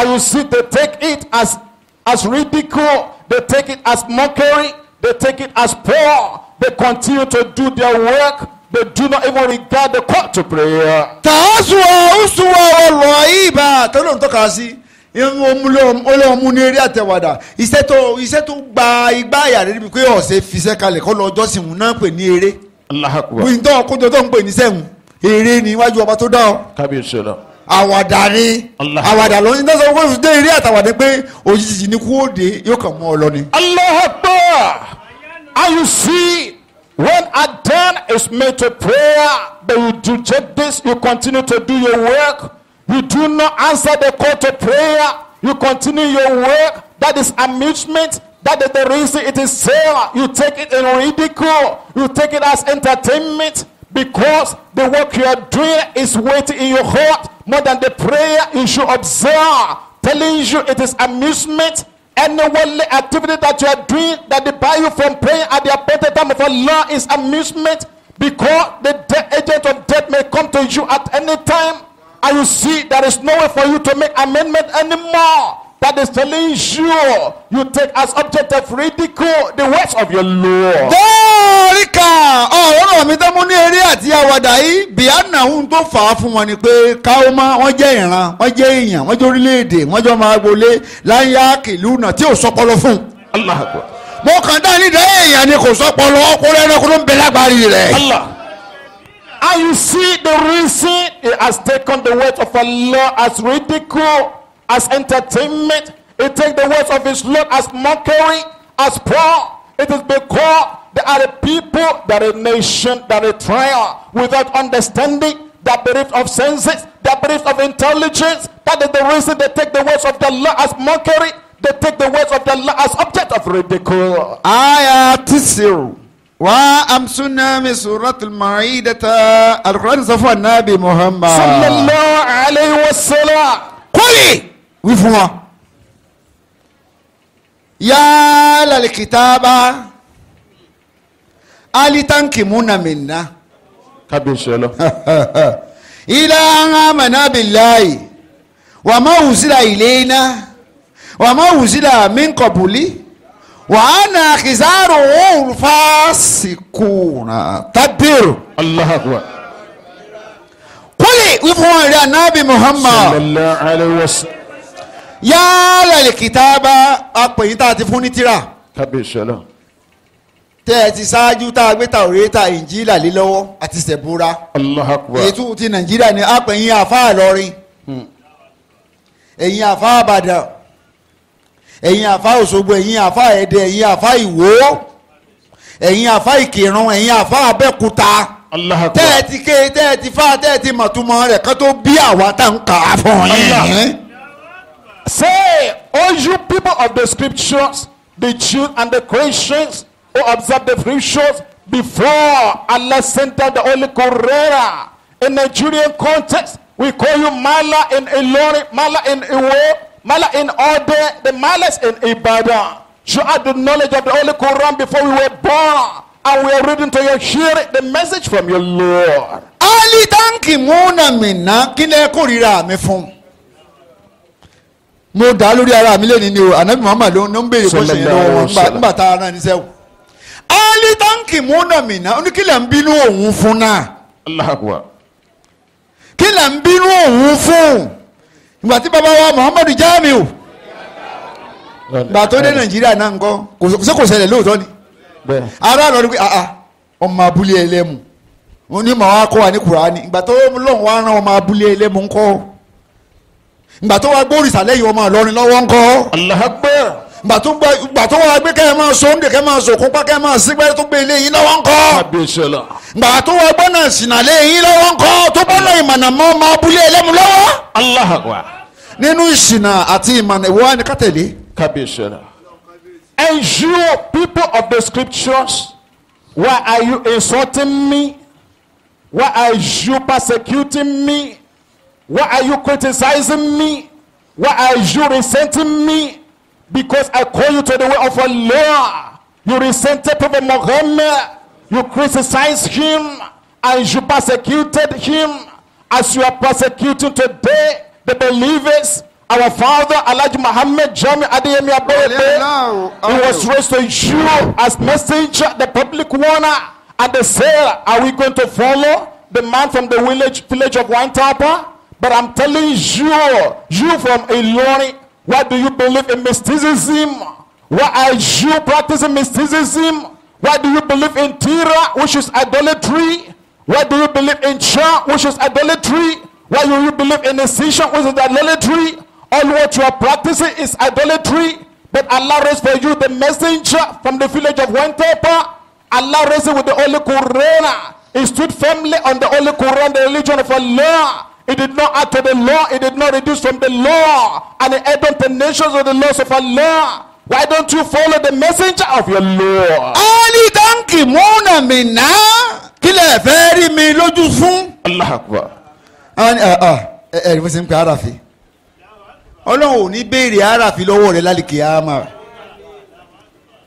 And you see, they take it as, as ridicule, they take it as mockery, they take it as poor. They continue to do their work. They do not even regard the call to prayer. Tàásùwà òsùwà ọ̀rọ̀ ìbà tó ló ń tọ́ka sí. Irun olóòmù ní eré àtẹ̀wàdà. Iṣẹ́ tó iṣẹ́ tó gba igbá àyà níbi pé ọ̀sẹ̀ fiṣẹ́ kalẹ̀ kọ́ lọ ọjọ́sìn òun náà pè ní eré. Allahu Akbar. Wíńtọ́ tó ń pè ní sẹ́hùn. Eré ni iwájú ọba tó dá ọ. Kábíyèsí ọ̀la àwàdà ni àwàdà ló ń dáná sọ dé eré àtàwàdà pé òjijì ni kú òde yóò kàn mọ́ ọ lọ ni. Allahu Akbar and you see when Adan is made to prayer but you do this you continue to do your work you do not answer the call to prayer you continue your work that is amusement that is the reason it is sale you take it in ridicule you take it as entertainment because the work you are doing is waiting in your heart more than the prayer you should observe telling you it is amusement any worldly activity that you are doing that debar you from praying at the appointed time of Allah is amusement because the agent of death may come to you at any time and you see there is no way for you to make amendment anymore that is telling you you take as object of ridicule the words of your Lord. bọ́ọ̀ríkà ọ̀rọ̀ mi tẹ́ mú ní eré àti àwàdà yìí náà ohun tó fà á fún wọn ni pé káwọ́mọ́ wọ́n jẹ́ ìran wọ́n jẹ́ èèyàn wọ́n jẹ́ orílẹ̀-èdè wọ́n jọ máa gbolé láyà kìlú náà tí ò sọpọlọ fún mo kàn dá nídàá èèyàn ni kò sọpọlọ ọkùnrin ẹranko ló ń bẹ lágbárí rẹ. And you see the reason it has taken the words of Allah as ridicule, as entertainment. It takes the words of his Lord as mockery, as poor. It is because are a people, they are a nation, they are a tribe without understanding, that bereft of senses, that bereft of intelligence. That is the reason they take the words of the law as mockery. They take the words of the law as object of ridicule. Aya tisiru wa amsunna min surat al-ma'idata al-Qur'an safa nabi Muhammad. Sallallahu alayhi wa sallam. Kuli wí fún wa. Yálà lè alitanki muna minna. kábíyèsí ọlọ. ilá amana bilayi wà má wùsílà ìléyìnà wà má wùsílà mínkọ̀bùlì wà á nà kìsàrò òun fásikùnà tábìrù. Allahu akbar. kúlì wíwọ́n rẹ̀ anábì Muhammad. sallallahu alayhi wa sallam. yálà lè kìtàbà apèyítà àti fúnitìrà. kábíyèsí ọlọ tẹ́ ẹ ti ṣáájú tá a gbé tàwérétà ìjìlá lé lọ́wọ́ àti ṣẹ̀búra ètò ti nàìjíríà ni a pè yín àfáà lọ́rin hmm. ẹ̀yin àfáà àbàdàn ẹ̀yin àfáà òṣogbo ẹ̀yin àfáà ẹ̀dẹ ẹ̀yin àfáà ìwó ẹ̀yin àfáà ìkìrun ẹ̀yin àfáà abẹ́kúta tẹ́ ẹ ti ké tẹ́ ẹ ti fá tẹ́ ẹ ti mọ̀túmọ̀ rẹ̀ kán tó bí àwa tá n kà á fún yín. Say, all you people of the scriptures, the Jews and the Christians who observed the free shows before Allah sent out the Holy Quran. In Nigerian context, we call you Mala in Ilori, Mala in Iwo, Mala in Ode, the Malas in Ibadan. You had the knowledge of the Holy Quran before we were born. And we are reading to your hearing the message from your Lord. Ali tanki muna mina kile kurira me fun. Mo dá lórí ara mi lé ní ni o, ànábì Muhammad ló ń béèrè bó ṣe yẹn lọ́wọ́ nígbà tá a ali tanki múnàmínà ó ní mbinu lè fún mbinu Allahu fun ìgbà tí bàbá wa Muhammadu Jamiu gbà tó dé Nàìjíríà náà nǹkan ṣé kò ni ara lọ rí pé ah, ah, ọmọ abúlé ẹlẹ́mu wọn ní màá kọ́ wa ní Kùránì ìgbà tó rán ọmọ abúlé nkọ ìgbà tó ọmọ lọ́wọ́ gbà tó wá gbé kẹ́ ẹ máa so oúnjẹ kẹ́ ẹ máa so kópa kẹ́ ẹ máa sígbẹ́ tó gbé ilé yín lọ́wọ́ ńkọ́ gbà tó wá gbọ́nà sìnàlé yín lọ́wọ́ ńkọ́ tó gbọ́nà ìmọ̀nà mọ́ máa búlé ẹlẹ́mu lọ́wọ́. Allahu Akbar. nínú ìṣìnà àti ìmọ̀nà ìwọ ni ká tẹ̀lé. And you people of the scriptures, why are you insulting me? Why are you persecuting me? Why are you criticizing me? Why are you resenting me? Because I call you to the way of Allah. You resented Prophet Muhammad. You criticized him. And you persecuted him. As you are persecuting today, the believers, our father, Elijah Muhammad Jami Adeyemi Aboyebe, he was raised to you as messenger, the public warner. And they say, are we going to follow the man from the village, village of Wantapa? But I'm telling you, you from Ilori, why do you believe in mysticism? Why are you practicing mysticism? Why do you believe in Tira, which is idolatry? Why do you believe in Cha, which is idolatry? Why do you believe in incision, which is idolatry? All what you are practicing is idolatry. But Allah raised for you the messenger from the village of Wantepa. Allah raised with the Holy Quran. He stood firmly on the Holy Quran, the religion of Allah. It did not add to the law. It did not reduce from the law. And it added the nations of the laws of Allah. Why don't you follow the messenger of your Lord? Ọ́lì dánkì múnà mi náà kí lè fẹ́ rí mi lójú fún. Allahu Akbar. Àwọn ẹ ẹ ẹ ṣe ń pe àràfin. Ọlọ́run ò ní béèrè àràfin lọ́wọ́ rẹ̀ lálìkì àmà.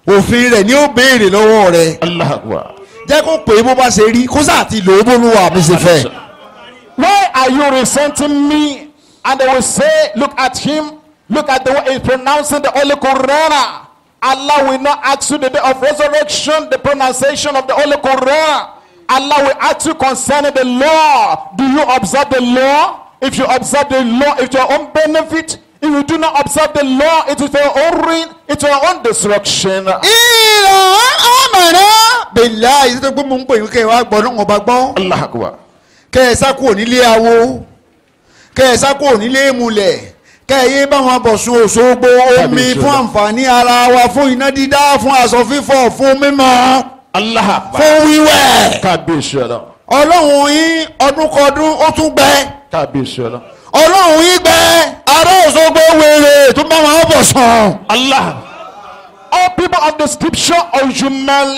Òfin rẹ̀ ni ó béèrè lọ́wọ́ rẹ̀. Allahu Akbar. Jẹ́ kó pè é bó bá ṣe rí kó sáà ti lò ó bó ló wà bó ṣe fẹ́. Why are you resenting me? And they will say, Look at him. Look at the way he's pronouncing the Holy Quran. Allah will not ask you the day of resurrection, the pronunciation of the Holy Quran. Allah will ask you concerning the law. Do you observe the law? If you observe the law, it's your own benefit, if you do not observe the law, it is your own ruin, it is your own destruction. Allah Akbar kẹ́ ẹ sá kúrò nílé awo kẹ́ ẹ sá kúrò nílé ìmùlẹ̀ kẹ́ ẹ yé báwọn abọ̀sùn òṣogbo omi fún àǹfààní ara wa fún iná dídá fún aṣọ fífọ̀ fún mímọ́ fún wíwẹ̀ ọlọ́run yín ọdún kọdún ó tún gbẹ ọlọ́run yín gbẹ ará òṣogbo wèrè tó bá wọn abọ̀sùn. All people of the scripture, all you men,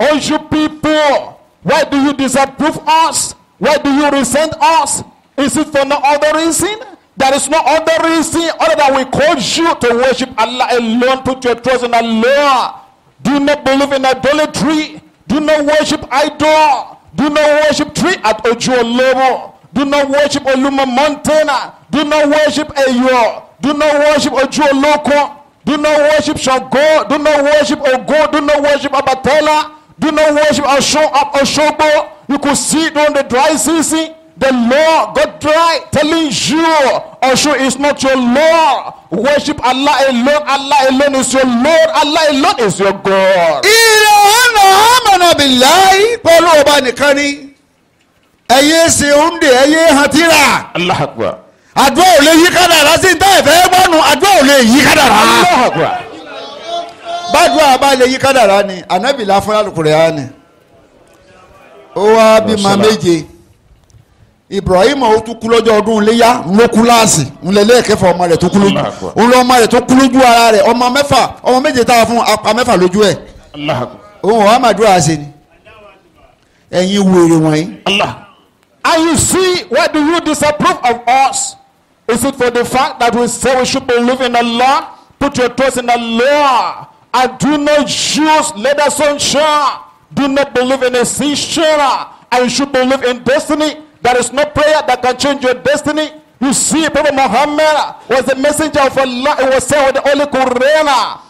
all you people, why do you disapprove us? Why do you resent us? Is it for no other reason? There is no other reason other than we cause you to worship Allah alone, put your trust in Allah. Do not believe in idolatry. Do not worship idol. Do not worship tree at Ojo level. Do not worship Oluma Montana. Do not worship Ayo. Do not worship Ojo Loco. Do not worship Shango. Do not worship Ogo. Do not worship Abatella. Do not worship Osho, Oshobo. You could see it on the dry season. The law got dry, telling you, Osho is not your law. Worship Allah alone. Allah alone is your Lord. Allah alone is your God. Ìrẹ̀ ọ̀nà àmàna bìláì pẹ̀lú ọba nìkan ni. Ẹyẹ ṣe oúnjẹ ẹyẹ hàn tíra. Allahu Àdúrà ò lè yí kádàrá sí ìta ìfẹ́ gbọ́nu. Àdúrà ò lè yí kádàrá. Allahu Akbar. Bàdúrà bá lè yí kádàrá ni, ànábìlà fúnra lùkùrẹ́ á ni ó wá bímọ méje Ibrahim ó tún kú lọ́jọ́ ọdún iléyà ń ló kú láàsì ń lẹ lẹ́ẹ̀kẹfà ọmọ rẹ̀ tó kú lójú ń lọ ọmọ rẹ̀ tó kú lójú ara rẹ̀ ọmọ mẹ́fà ọmọ méje tá a fún apá mẹ́fà lójú ẹ̀ òun ọ̀hún àmàdúrà ṣe ni ẹ̀yin wèrè wọ̀nyí. And you see, why do you disapprove of us? Is it for the fact that we say we should believe in Allah? Put your trust in Allah and do not use leather sunshine. do not believe in a seashore, and you should believe in destiny. There is no prayer that can change your destiny. You see, Prophet Muhammad was the messenger of Allah. He was sent with the Holy Quran.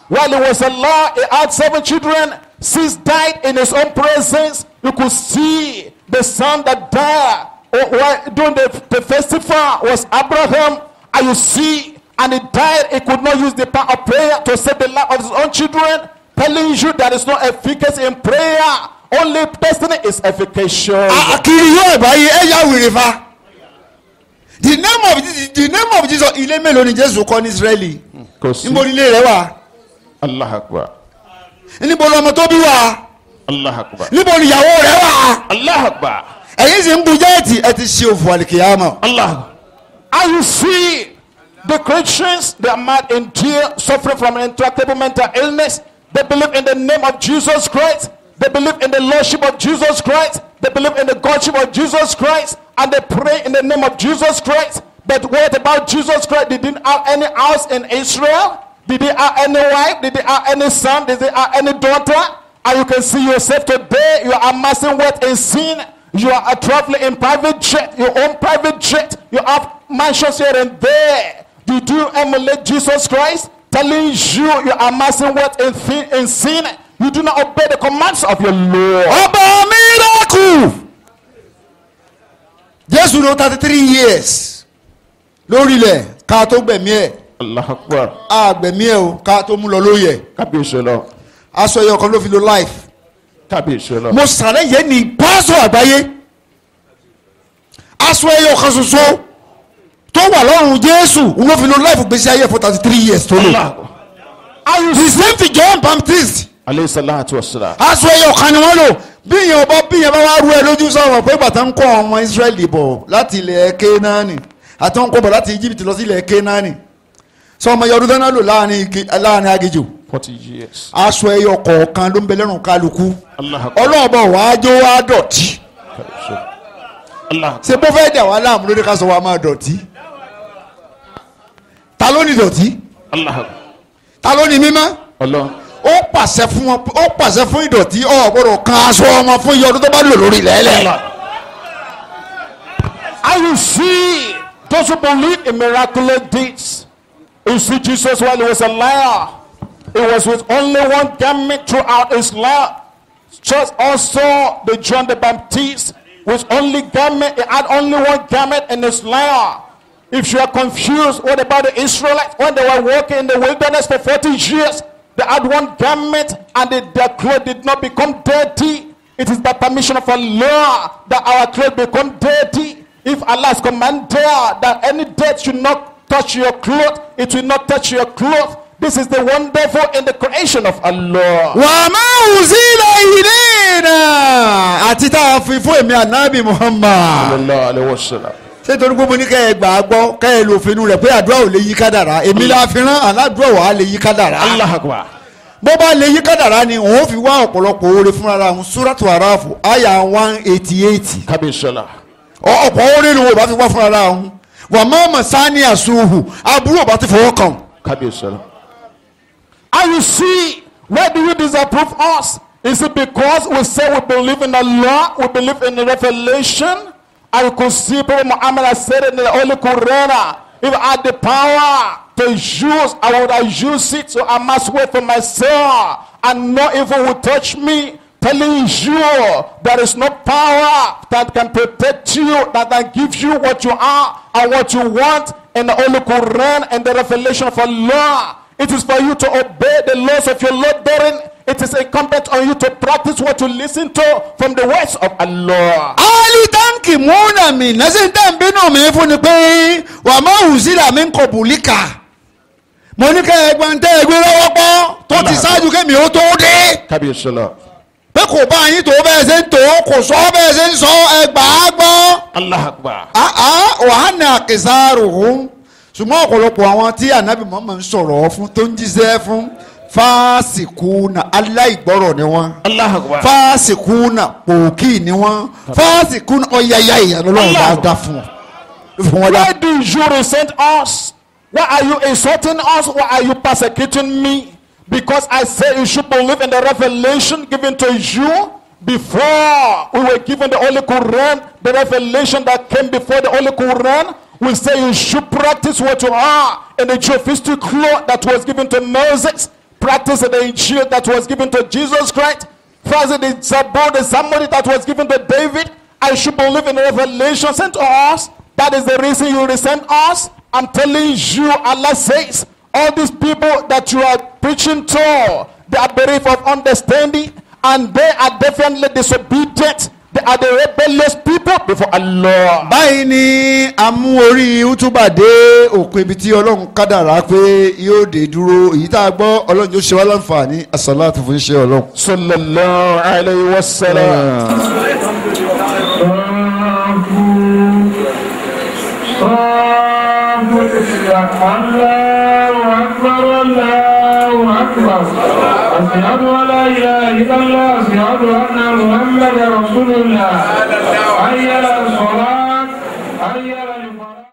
While he was Allah, he had seven children. Six died in his own presence. You could see the son that died oh, during the, the festival was Abraham. And you see, and he died. He could not use the power of prayer to save the life of his own children. telling you there is no efficacy in prayer only destiny is efficacious. akiri yóò báyìí ẹ yá wèrè fa the name of jesus the name of jesus ilé mélòó ni jésù kọ́ ní israeli níbo ilé rẹ wà. allah akbar. níbo lọmọ tó bí wà. allah akbar. níbo ìyàwó rẹ wà. allah akbar. ẹ̀yin sì ń bu jẹ́ẹ̀tì ẹ ti ṣe òfò àlìkìyàmọ̀. allah akbar. as you see the christians they are mad in jail suffering from intractable mental illness. They believe in the name of Jesus Christ. They believe in the Lordship of Jesus Christ. They believe in the Godship of Jesus Christ. And they pray in the name of Jesus Christ. But what about Jesus Christ? Did he have any house in Israel? Did he have any wife? Did he have any son? Did he have any daughter? And you can see yourself today, you are amassing wealth in sin. You are traveling in private jet, your own private jet. You have mansions here and there. Did you emulate Jesus Christ? telling you you are massing wealth in, thin, in sin, you do not obey the commands of your Lord. Ọba mi rà kù. Jésù ló three years lórí ilẹ̀ ká tó gbẹ̀mí ẹ̀. Alahakbar. A gbẹ̀mí ẹ̀ o ká tó mú lọ lóye. Kábíyèsí lọ. Aṣọ ẹyọ kan ló fi lo life. Kábíyèsí lọ. Mo sàlẹ̀ yẹn ní pásọ̀ àgbáyé. Aṣọ ẹyọ kan ṣoṣo tó wà lọ́rùn jésù ló fi lo life gbèsè ayé for thirty three years tó lò the same thing John Baptist aleyhi salatu wa salam. aṣọ ẹyọ kan ni wọ́n lò bí yẹn ọba bí yẹn bá wá rú ẹ lójú sọ̀rọ̀ pé bàtà ń kọ́ ọmọ Israẹli bọ̀ láti ilẹ̀ Kénáánì àti wọn kọ́ bọ̀ láti Íjíbítì lọ sí ilẹ̀ Kénáánì sọ yọdún dáná lò láàrin agijù forty years. aṣọ ẹyọ kọ̀ọ̀kan ló ń bẹ lẹ́rùn kálukú ọlọ́ọ̀bọ̀ wàá jó wá dọ̀tí ṣe fẹ́ dà wá láàmú lórí ká sọ wàá máa dọ̀tí ta ló ní ìdọ̀tí ta ló ní mímọ́ ó pàṣẹ fún wọn ó pàṣẹ fún ìdọ̀tí ó gbọ́dọ̀ kan aṣọ wọn fún iye ọdún tó bá lò lórí lẹ́lẹ̀. I will see those who believe in miraculous deeds. You see Jesus while he was a liar. He was with only one garment throughout his life. Just also the John the Baptist with only garment. He had only one garment in his life. If you are confused, what about the Israelites when they were walking in the wilderness for 40 years? They had one garment and their clothes did not become dirty. It is by permission of Allah that our clothes become dirty. If Allah's command commanded that any dirt should not touch your clothes, it will not touch your clothes. This is the wonderful in the creation of Allah. وَمَا أُزِيلَ إِلَيْنَا ànábì Muhammad. ṣé torí pé mo ní kẹ́ ẹ gbà á gbọ́ kẹ́ ẹ lò fínú rẹ̀ pé àdúrà ò lè yí kádàrá èmi la fi rán aládùúrà wà á lè yí kádàrá. Allahu bó bá lè yí kádàrá ni òun fi wá ọ̀pọ̀lọpọ̀ oore fúnra ra òun súrátù aráàfù àyà one eighty eight. kábíyèsọ́lá. ọ̀pọ̀ oore ni wọ́n bá fi wá fúnra ra òun wà má mà sáni àsunhù àbúrò bá ti fọwọ́ kàn. kábíyèsọ́lá. Are you see where do you disapprove us? Is it because we say we believe in Allah, we believe in revelation? al consider Muhammad said in the Holy Quran, if I had the power to use, I would have used it I must wait for myself, and no evil will touch me. Telling you there is no power that can protect you, that can give you what you are and what you want in the Holy Quran and the revelation of Allah. It is for you to obey the laws of your Lord therein. It is incumbent on you to practice what you listen to from the words of Allah. kì mú nàmì nẹ́sìn tẹ́ ń bínú mi fún ni pé wà má hù sílà mi ń kọ̀ bùlíkà mo ní kẹ́ ẹgbọ́n tẹ́ ẹgbẹ́ lọ́wọ́ pọ́ tó ti ṣáájú kémi ó tó dé. kábíyèsí lọ. pé kò bá yín tó bẹ́ẹ̀ ṣe ń tó kò sọ bẹ́ẹ̀ ṣe ń sọ ẹgbà e á gbọ́. Allahu Akbar. wàhánà kìsàrò hùn ṣùgbọ́n ọ̀pọ̀lọpọ̀ àwọn tí ànábì mọ́mọ́ ń sọ̀rọ̀ fún tó ń jíṣẹ́ fún fásikúnà aláìgbọ́rọ̀ ni wọ́n fásikúnà pòkì ni wọ́n fásikúnà ọ̀yàyà ìyàlọ́lọ́run bá dá fún wọn. why do you resent us? why are you insulting us? why are you persecuting me? because I say you should believe in the revelation given to you before we were given the Holy Quran, the revelation that came before the Holy Quran, we say you should practice what you are in the Jewistic law that was given to Moses practice the Injil that was given to Jesus Christ, first it's about the somebody that was given to David. I should believe in revelation sent to us. That is the reason you resent us. I'm telling you, Allah says, all these people that you are preaching to, they are bereft of understanding and they are definitely disobedient They are the rebellious people before Allah. Báyìí ni a mú orí Utuba dé òkun ibi tí Ọlọ́run kádàrá pé yóò dé dúró èyí tá a gbọ́ Ọlọ́run yóò ṣe wá láǹfààní àsálà tó fún iṣẹ́ Ọlọ́run. Sallallahu alayhi wa sallam. Allahu akbar, Allahu akbar. أشهد أن لا إله إلا الله أشهد أن محمدا رسول الله حي على الصلاة